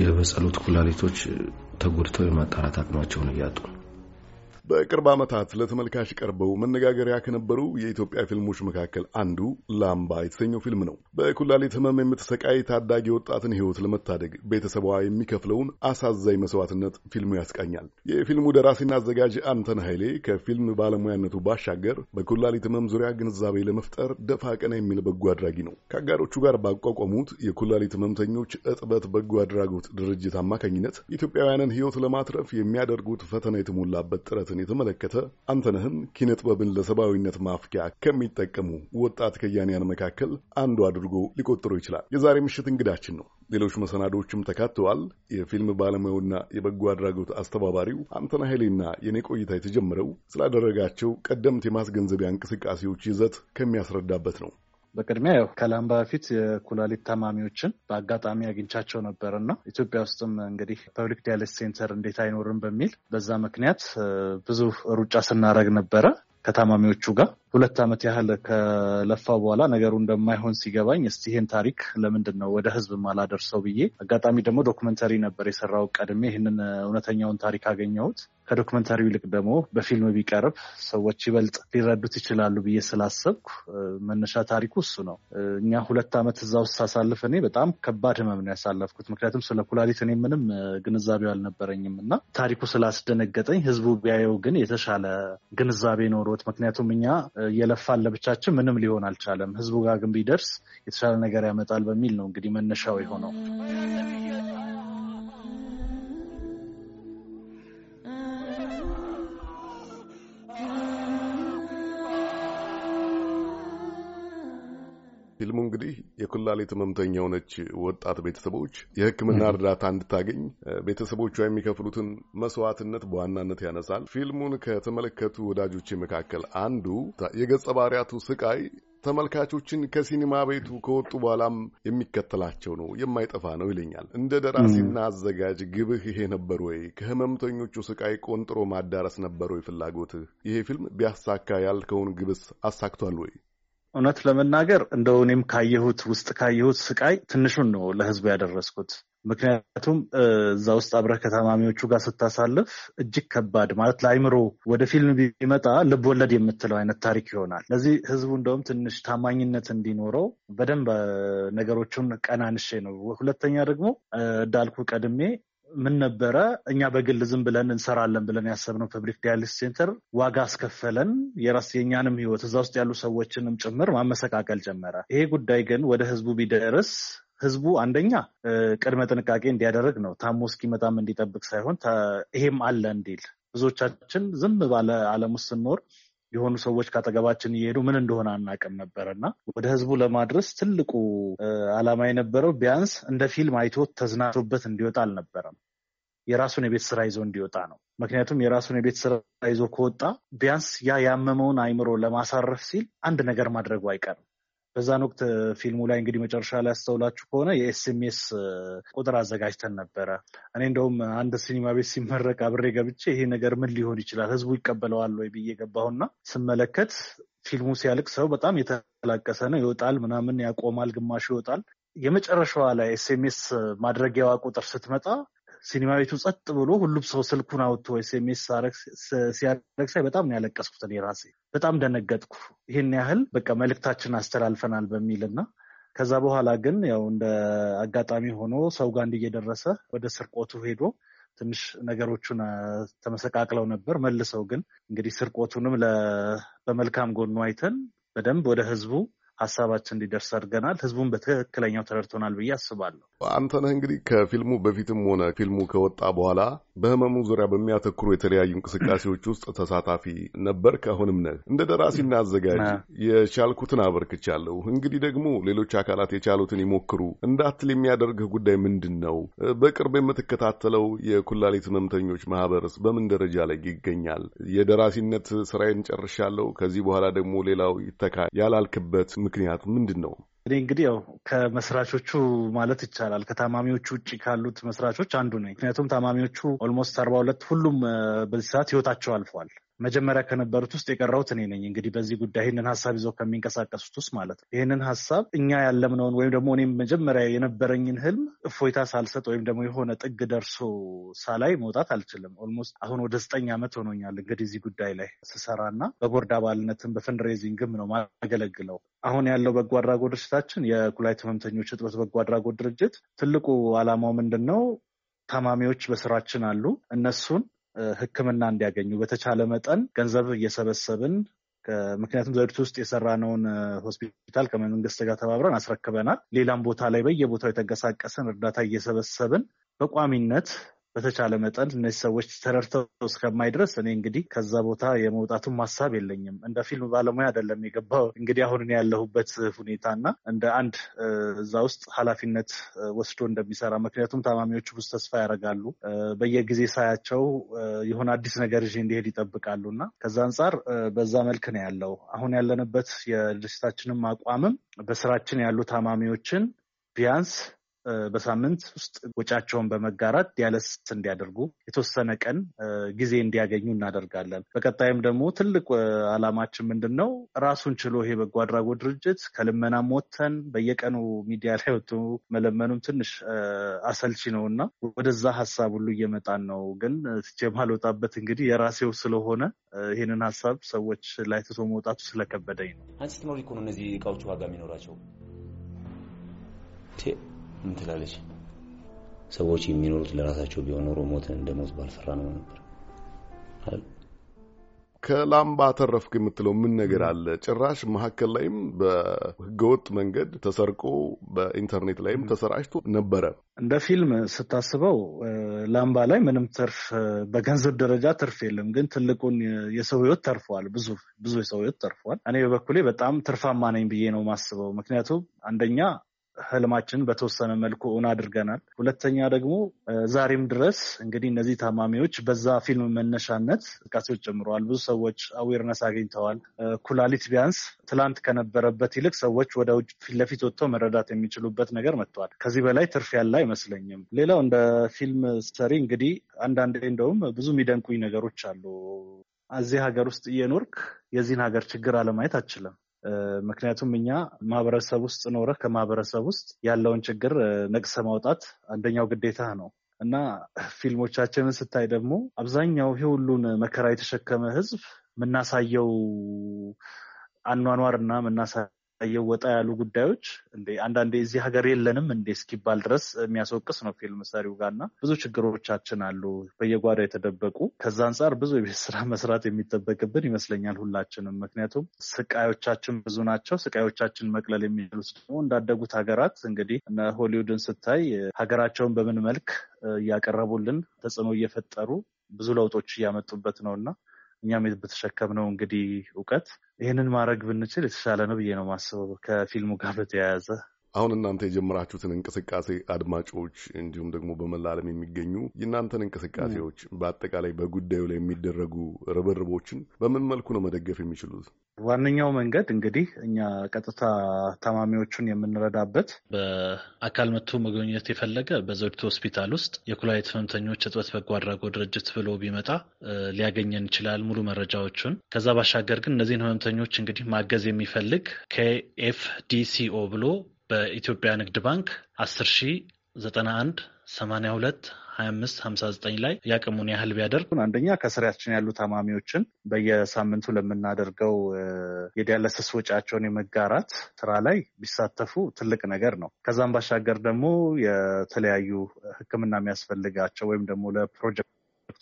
የበጸሉት ኩላሊቶች ተጎድተው የማጣራት አቅማቸውን እያጡ ነው። በቅርብ ዓመታት ለተመልካች ቀርበው መነጋገሪያ ከነበሩ የኢትዮጵያ ፊልሞች መካከል አንዱ ላምባ የተሰኘው ፊልም ነው። በኩላሊት ህመም የምትሰቃይ ታዳጊ ወጣትን ህይወት ለመታደግ ቤተሰቧ የሚከፍለውን አሳዛኝ መስዋዕትነት ፊልሙ ያስቃኛል። የፊልሙ ደራሲና አዘጋጅ አንተን ኃይሌ ከፊልም ባለሙያነቱ ባሻገር በኩላሊት ህመም ዙሪያ ግንዛቤ ለመፍጠር ደፋ ቀና የሚል በጎ አድራጊ ነው። ከአጋሮቹ ጋር ባቋቋሙት የኩላሊት ህመምተኞች እጥበት በጎ አድራጎት ድርጅት አማካኝነት ኢትዮጵያውያንን ህይወት ለማትረፍ የሚያደርጉት ፈተና የተሞላበት ጥረት ጥረትን የተመለከተ አንተነህን ኪነ ጥበብን ለሰብአዊነት ማፍቂያ ከሚጠቀሙ ወጣት ከያንያን መካከል አንዱ አድርጎ ሊቆጥረው ይችላል። የዛሬ ምሽት እንግዳችን ነው። ሌሎች መሰናዶዎችም ተካተዋል። የፊልም ባለሙያውና የበጎ አድራጎት አስተባባሪው አንተነህ ኃይሌና የኔ ቆይታ የተጀመረው ስላደረጋቸው ቀደምት የማስገንዘቢያ እንቅስቃሴዎች ይዘት ከሚያስረዳበት ነው። በቅድሚያ ያው ከላምባ በፊት የኩላሊት ታማሚዎችን በአጋጣሚ አግኝቻቸው ነበር እና ኢትዮጵያ ውስጥም እንግዲህ ፐብሊክ ዲያሊስ ሴንተር እንዴት አይኖርም በሚል በዛ ምክንያት ብዙ ሩጫ ስናደርግ ነበረ ከታማሚዎቹ ጋር ሁለት ዓመት ያህል ከለፋ በኋላ ነገሩ እንደማይሆን ሲገባኝ እስቲ ይህን ታሪክ ለምንድን ነው ወደ ህዝብ ማላደርሰው ብዬ አጋጣሚ ደግሞ ዶክመንተሪ ነበር የሰራው ቀድሜ ይህንን እውነተኛውን ታሪክ አገኘሁት። ከዶክመንተሪው ይልቅ ደግሞ በፊልም ቢቀርብ ሰዎች ይበልጥ ሊረዱት ይችላሉ ብዬ ስላሰብኩ መነሻ ታሪኩ እሱ ነው። እኛ ሁለት ዓመት እዛ ውስጥ ሳሳልፍ እኔ በጣም ከባድ ህመም ነው ያሳለፍኩት። ምክንያቱም ስለ ኩላሊት እኔ ምንም ግንዛቤው አልነበረኝም እና ታሪኩ ስላስደነገጠኝ ህዝቡ ቢያየው ግን የተሻለ ግንዛቤ ኖሮት ምክንያቱም እኛ እየለፋን ለብቻችን ምንም ሊሆን አልቻለም። ህዝቡ ጋር ግን ቢደርስ የተሻለ ነገር ያመጣል በሚል ነው እንግዲህ መነሻው የሆነው። የኩላሊት ህመምተኛ የሆነች ወጣት ቤተሰቦች የህክምና እርዳታ እንድታገኝ ቤተሰቦቿ የሚከፍሉትን መስዋዕትነት በዋናነት ያነሳል። ፊልሙን ከተመለከቱ ወዳጆች መካከል አንዱ የገጸ ባህሪያቱ ስቃይ ተመልካቾችን ከሲኒማ ቤቱ ከወጡ በኋላም የሚከተላቸው ነው፣ የማይጠፋ ነው ይለኛል። እንደ ደራሲና አዘጋጅ ግብህ ይሄ ነበር ወይ? ከህመምተኞቹ ስቃይ ቆንጥሮ ማዳረስ ነበር ወይ ፍላጎትህ? ይሄ ፊልም ቢያሳካ ያልከውን ግብስ አሳክቷል ወይ? እውነት ለመናገር እንደው እኔም ካየሁት ውስጥ ካየሁት ስቃይ ትንሹን ነው ለህዝቡ ያደረስኩት። ምክንያቱም እዛ ውስጥ አብረህ ከታማሚዎቹ ጋር ስታሳልፍ እጅግ ከባድ ማለት ለአይምሮ ወደ ፊልም ቢመጣ ልብ ወለድ የምትለው አይነት ታሪክ ይሆናል። ለዚህ ህዝቡ እንደውም ትንሽ ታማኝነት እንዲኖረው በደንብ ነገሮቹን ቀናንሼ ነው። ሁለተኛ ደግሞ እንዳልኩ ቀድሜ ምን ነበረ እኛ በግል ዝም ብለን እንሰራለን ብለን ያሰብነው ፐብሊክ ዲያሊስ ሴንተር ዋጋ አስከፈለን። የራስ የእኛንም ህይወት እዛ ውስጥ ያሉ ሰዎችንም ጭምር ማመሰቃቀል ጀመረ። ይሄ ጉዳይ ግን ወደ ህዝቡ ቢደርስ ህዝቡ አንደኛ ቅድመ ጥንቃቄ እንዲያደርግ ነው፣ ታሞ እስኪመጣም እንዲጠብቅ ሳይሆን ይሄም አለ እንዲል ብዙዎቻችን ዝም ባለ ዓለም ውስጥ ስንኖር የሆኑ ሰዎች ካጠገባችን እየሄዱ ምን እንደሆነ አናቅም ነበር እና ወደ ህዝቡ ለማድረስ ትልቁ አላማ የነበረው ቢያንስ እንደ ፊልም አይቶ ተዝናቶበት እንዲወጣ አልነበረም። የራሱን የቤት ስራ ይዞ እንዲወጣ ነው። ምክንያቱም የራሱን የቤት ስራ ይዞ ከወጣ ቢያንስ ያ ያመመውን አይምሮ ለማሳረፍ ሲል አንድ ነገር ማድረጉ አይቀርም። በዛን ወቅት ፊልሙ ላይ እንግዲህ መጨረሻ ላይ ያስተውላችሁ ከሆነ የኤስኤምኤስ ቁጥር አዘጋጅተን ነበረ። እኔ እንደውም አንድ ሲኒማ ቤት ሲመረቅ አብሬ ገብቼ ይሄ ነገር ምን ሊሆን ይችላል ህዝቡ ይቀበለዋል ወይ ብዬ ገባሁና ስመለከት ፊልሙ ሲያልቅ ሰው በጣም የተላቀሰ ነው። ይወጣል ምናምን ያቆማል፣ ግማሹ ይወጣል። የመጨረሻዋ ላይ ኤስኤምኤስ ማድረጊያዋ ቁጥር ስትመጣ ሲኒማ ቤቱ ጸጥ ብሎ ሁሉም ሰው ስልኩን አውጥቶ ወይ ኤምኤስ ሳይ በጣም ነው ያለቀስኩት። እኔ ራሴ በጣም ደነገጥኩ። ይህን ያህል በቃ መልእክታችን አስተላልፈናል በሚልና ከዛ በኋላ ግን ያው እንደ አጋጣሚ ሆኖ ሰው ጋር እየደረሰ ወደ ስርቆቱ ሄዶ ትንሽ ነገሮቹን ተመሰቃቅለው ነበር። መልሰው ግን እንግዲህ ስርቆቱንም በመልካም ጎኑ አይተን በደንብ ወደ ህዝቡ ሀሳባችን እንዲደርስ አድርገናል። ህዝቡን በትክክለኛው ተረድቶናል ብዬ አስባለሁ። አንተነህ እንግዲህ ከፊልሙ በፊትም ሆነ ፊልሙ ከወጣ በኋላ በህመሙ ዙሪያ በሚያተኩሩ የተለያዩ እንቅስቃሴዎች ውስጥ ተሳታፊ ነበር፣ ከአሁንም ነህ። እንደ ደራሲና አዘጋጅ የቻልኩትን አበርክቻለሁ፣ እንግዲህ ደግሞ ሌሎች አካላት የቻሉትን ይሞክሩ እንዳትል የሚያደርግህ ጉዳይ ምንድን ነው? በቅርብ የምትከታተለው የኩላሊት ህመምተኞች ማህበርስ በምን ደረጃ ላይ ይገኛል? የደራሲነት ስራዬን ጨርሻለሁ፣ ከዚህ በኋላ ደግሞ ሌላው ይተካ ያላልክበት ምክንያቱ ምንድን ነው? እኔ እንግዲህ ያው ከመስራቾቹ ማለት ይቻላል ከታማሚዎቹ ውጭ ካሉት መስራቾች አንዱ ነኝ። ምክንያቱም ታማሚዎቹ ኦልሞስት አርባ ሁለት ሁሉም በዚህ ሰዓት ህይወታቸው አልፏል። መጀመሪያ ከነበሩት ውስጥ የቀረሁት እኔ ነኝ። እንግዲህ በዚህ ጉዳይ ይህንን ሀሳብ ይዘው ከሚንቀሳቀሱት ውስጥ ማለት ነው። ይህንን ሀሳብ እኛ ያለምነውን ወይም ደግሞ እኔም መጀመሪያ የነበረኝን ህልም እፎይታ ሳልሰጥ ወይም ደግሞ የሆነ ጥግ ደርሶ ሳላይ መውጣት አልችልም። ኦልሞስት አሁን ወደ ዘጠኝ ዓመት ሆኖኛል እንግዲህ እዚህ ጉዳይ ላይ ስሰራና በቦርድ አባልነትም በፈንድሬዚንግም ነው ማገለግለው። አሁን ያለው በጎ አድራጎት ድርጅታችን የኩላሊት ህመምተኞች እጥበት በጎ አድራጎት ድርጅት ትልቁ ዓላማው ምንድን ነው? ታማሚዎች በስራችን አሉ። እነሱን ሕክምና እንዲያገኙ በተቻለ መጠን ገንዘብ እየሰበሰብን ምክንያቱም ዘድት ውስጥ የሰራነውን ሆስፒታል ከመንግስት ጋር ተባብረን አስረክበናል። ሌላም ቦታ ላይ በየቦታው የተንቀሳቀስን እርዳታ እየሰበሰብን በቋሚነት በተቻለ መጠን እነዚህ ሰዎች ተረድተው እስከማይድረስ እኔ እንግዲህ ከዛ ቦታ የመውጣቱም ሀሳብ የለኝም። እንደ ፊልም ባለሙያ አይደለም የገባው እንግዲህ አሁን ያለሁበት ሁኔታ እና እንደ አንድ እዛ ውስጥ ኃላፊነት ወስዶ እንደሚሰራ ምክንያቱም ታማሚዎቹ ብዙ ተስፋ ያደርጋሉ። በየጊዜ ሳያቸው የሆነ አዲስ ነገር ይዤ እንዲሄድ ይጠብቃሉ እና ከዛ አንጻር በዛ መልክ ነው ያለው አሁን ያለንበት የድርጅታችንም አቋምም በስራችን ያሉ ታማሚዎችን ቢያንስ በሳምንት ውስጥ ወጫቸውን በመጋራት ዲያለስስ እንዲያደርጉ የተወሰነ ቀን ጊዜ እንዲያገኙ እናደርጋለን። በቀጣይም ደግሞ ትልቅ አላማችን ምንድን ነው? ራሱን ችሎ ይሄ በጎ አድራጎት ድርጅት ከልመናም ወጥተን በየቀኑ ሚዲያ ላይ ወጥቶ መለመኑም ትንሽ አሰልቺ ነው እና ወደዛ ሀሳብ ሁሉ እየመጣን ነው። ግን ትቼ ማልወጣበት እንግዲህ የራሴው ስለሆነ ይህንን ሀሳብ ሰዎች ላይ ትቶ መውጣቱ ስለከበደኝ ነው። አንቺ ስትኖሪ እኮ ነው እነዚህ እቃዎቹ ዋጋ የሚኖራቸው እንትላለች። ሰዎች የሚኖሩት ለራሳቸው ቢሆን ኖሮ ሞትን እንደ ሞት ባልፈራ ነው ነበር። ከላም ባተረፍክ የምትለው ምን ነገር አለ? ጭራሽ መካከል ላይም በህገወጥ መንገድ ተሰርቆ በኢንተርኔት ላይም ተሰራጭቶ ነበረ። እንደ ፊልም ስታስበው ላምባ ላይ ምንም ትርፍ በገንዘብ ደረጃ ትርፍ የለም፣ ግን ትልቁን የሰው ህይወት ተርፈዋል። ብዙ ብዙ የሰው ህይወት ተርፈዋል። እኔ በበኩሌ በጣም ትርፋማ ነኝ ብዬ ነው ማስበው። ምክንያቱም አንደኛ ህልማችን በተወሰነ መልኩ እውን አድርገናል። ሁለተኛ ደግሞ ዛሬም ድረስ እንግዲህ እነዚህ ታማሚዎች በዛ ፊልም መነሻነት እንቅስቃሴዎች ጀምረዋል። ብዙ ሰዎች አዌርነስ አግኝተዋል። ኩላሊት ቢያንስ ትላንት ከነበረበት ይልቅ ሰዎች ወደ ውጭ ፊት ለፊት ወጥተው መረዳት የሚችሉበት ነገር መጥተዋል። ከዚህ በላይ ትርፍ ያለ አይመስለኝም። ሌላው እንደ ፊልም ሰሪ እንግዲህ አንዳንዴ እንደውም ብዙ የሚደንቁኝ ነገሮች አሉ። እዚህ ሀገር ውስጥ እየኖርክ የዚህን ሀገር ችግር አለማየት አችልም ምክንያቱም እኛ ማህበረሰብ ውስጥ ኖረህ ከማህበረሰብ ውስጥ ያለውን ችግር ነቅሰ ማውጣት አንደኛው ግዴታ ነው እና ፊልሞቻችንን ስታይ ደግሞ አብዛኛው ይህ ሁሉን መከራ የተሸከመ ህዝብ የምናሳየው አኗኗር እና የምናሳ እየወጣ ያሉ ጉዳዮች እንዴ አንዳንዴ እዚህ ሀገር የለንም እንዴ እስኪባል ድረስ የሚያስወቅስ ነው ፊልም ሰሪው ጋር እና ብዙ ችግሮቻችን አሉ በየጓዳ የተደበቁ። ከዛ አንጻር ብዙ የቤት ስራ መስራት የሚጠበቅብን ይመስለኛል ሁላችንም። ምክንያቱም ስቃዮቻችን ብዙ ናቸው። ስቃዮቻችን መቅለል የሚችሉት ደግሞ እንዳደጉት ሀገራት እንግዲህ እነ ሆሊውድን ስታይ ሀገራቸውን በምን መልክ እያቀረቡልን ተጽዕኖ እየፈጠሩ ብዙ ለውጦች እያመጡበት ነው እና እኛም በተሸከምነው እንግዲህ እውቀት ይህንን ማድረግ ብንችል የተሻለ ነው ብዬ ነው ማስበው ከፊልሙ ጋር በተያያዘ አሁን እናንተ የጀመራችሁትን እንቅስቃሴ አድማጮች እንዲሁም ደግሞ በመላ ዓለም የሚገኙ የእናንተን እንቅስቃሴዎች በአጠቃላይ በጉዳዩ ላይ የሚደረጉ ርብርቦችን በምን መልኩ ነው መደገፍ የሚችሉት? ዋነኛው መንገድ እንግዲህ እኛ ቀጥታ ታማሚዎቹን የምንረዳበት በአካል መጥቶ መገኘት የፈለገ በዘውዲቱ ሆስፒታል ውስጥ የኩላሊት ህመምተኞች እጥበት በጎ አድራጎት ድርጅት ብሎ ቢመጣ ሊያገኘን ይችላል ሙሉ መረጃዎቹን። ከዛ ባሻገር ግን እነዚህን ህመምተኞች እንግዲህ ማገዝ የሚፈልግ ከኤፍዲሲኦ ብሎ በኢትዮጵያ ንግድ ባንክ 10 91 82 2559 ላይ ያቅሙን ያህል ቢያደርግ አንደኛ ከስሪያችን ያሉ ታማሚዎችን በየሳምንቱ ለምናደርገው የዲያለሰስ ወጪያቸውን የመጋራት ስራ ላይ ቢሳተፉ ትልቅ ነገር ነው። ከዛም ባሻገር ደግሞ የተለያዩ ሕክምና የሚያስፈልጋቸው ወይም ደግሞ ለፕሮጀክት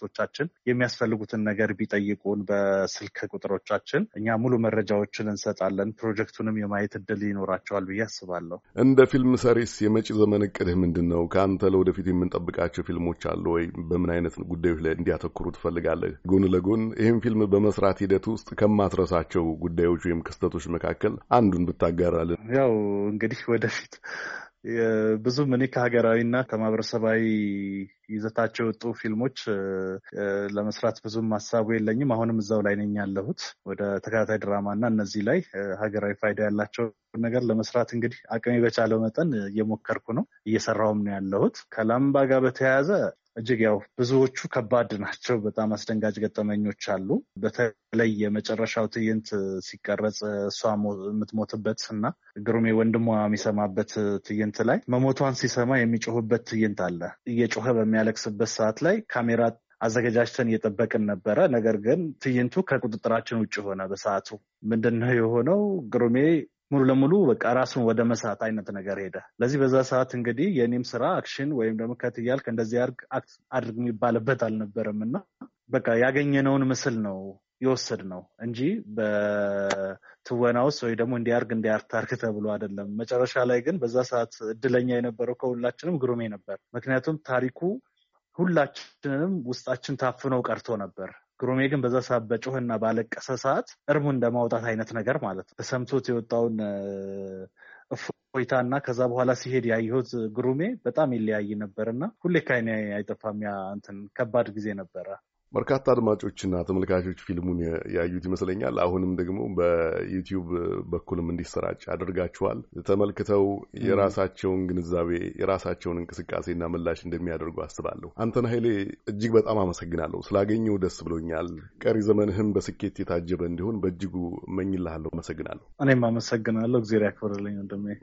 ቶቻችን የሚያስፈልጉትን ነገር ቢጠይቁን በስልክ ቁጥሮቻችን እኛ ሙሉ መረጃዎችን እንሰጣለን። ፕሮጀክቱንም የማየት እድል ይኖራቸዋል ብዬ አስባለሁ። እንደ ፊልም ሰሪስ የመጪ ዘመን እቅድህ ምንድን ነው? ከአንተ ለወደፊት የምንጠብቃቸው ፊልሞች አሉ ወይ? በምን አይነት ጉዳዮች ላይ እንዲያተኩሩ ትፈልጋለህ? ጎን ለጎን ይህም ፊልም በመስራት ሂደት ውስጥ ከማትረሳቸው ጉዳዮች ወይም ክስተቶች መካከል አንዱን ብታጋራልን። ያው እንግዲህ ወደፊት ብዙ እኔ ከሀገራዊና ከማህበረሰባዊ ይዘታቸው የወጡ ፊልሞች ለመስራት ብዙም ሀሳቡ የለኝም። አሁንም እዛው ላይ ነኝ ያለሁት ወደ ተከታታይ ድራማ እና እነዚህ ላይ ሀገራዊ ፋይዳ ያላቸው ነገር ለመስራት እንግዲህ አቅሜ በቻለው መጠን እየሞከርኩ ነው፣ እየሰራውም ነው ያለሁት። ከላምባ ጋር በተያያዘ እጅግ ያው ብዙዎቹ ከባድ ናቸው። በጣም አስደንጋጭ ገጠመኞች አሉ። በተለይ የመጨረሻው ትዕይንት ሲቀረጽ እሷ የምትሞትበት እና ግሩሜ ወንድሟ የሚሰማበት ትዕይንት ላይ መሞቷን ሲሰማ የሚጮህበት ትዕይንት አለ። እየጮኸ በሚያለቅስበት ሰዓት ላይ ካሜራ አዘገጃጅተን እየጠበቅን ነበረ። ነገር ግን ትዕይንቱ ከቁጥጥራችን ውጭ ሆነ። በሰዓቱ ምንድን ነው የሆነው? ግሩሜ ሙሉ ለሙሉ በቃ ራሱን ወደ መሳት አይነት ነገር ሄደ። ለዚህ በዛ ሰዓት እንግዲህ የእኔም ስራ አክሽን ወይም ደግሞ ከትያልክ እንደዚህ አክት አድርግ የሚባልበት አልነበረም እና በቃ ያገኘነውን ምስል ነው የወሰድ ነው እንጂ በትወና ውስጥ ወይ ደግሞ እንዲያርግ እንዲያርታርግ ተብሎ አይደለም። መጨረሻ ላይ ግን በዛ ሰዓት እድለኛ የነበረው ከሁላችንም ግሩሜ ነበር። ምክንያቱም ታሪኩ ሁላችንም ውስጣችን ታፍኖ ቀርቶ ነበር። ግሩሜ ግን በዛ ሰዓት በጮህና ባለቀሰ ሰዓት እርሙ እንደማውጣት አይነት ነገር ማለት ነው። ተሰምቶት የወጣውን እፎይታና ከዛ በኋላ ሲሄድ ያየሁት ግሩሜ በጣም ይለያይ ነበር እና ሁሌ ከዓይኔ አይጠፋም። ያ እንትን ከባድ ጊዜ ነበረ። በርካታ አድማጮችና ተመልካቾች ፊልሙን ያዩት ይመስለኛል። አሁንም ደግሞ በዩቲዩብ በኩልም እንዲሰራጭ አድርጋችኋል። ተመልክተው የራሳቸውን ግንዛቤ የራሳቸውን እንቅስቃሴና ምላሽ እንደሚያደርጉ አስባለሁ። አንተን ኃይሌ እጅግ በጣም አመሰግናለሁ። ስላገኘው ደስ ብሎኛል። ቀሪ ዘመንህም በስኬት የታጀበ እንዲሆን በእጅጉ መኝልሃለሁ። አመሰግናለሁ። እኔም አመሰግናለሁ። እግዜር ያክብርልኝ ወንድሜ።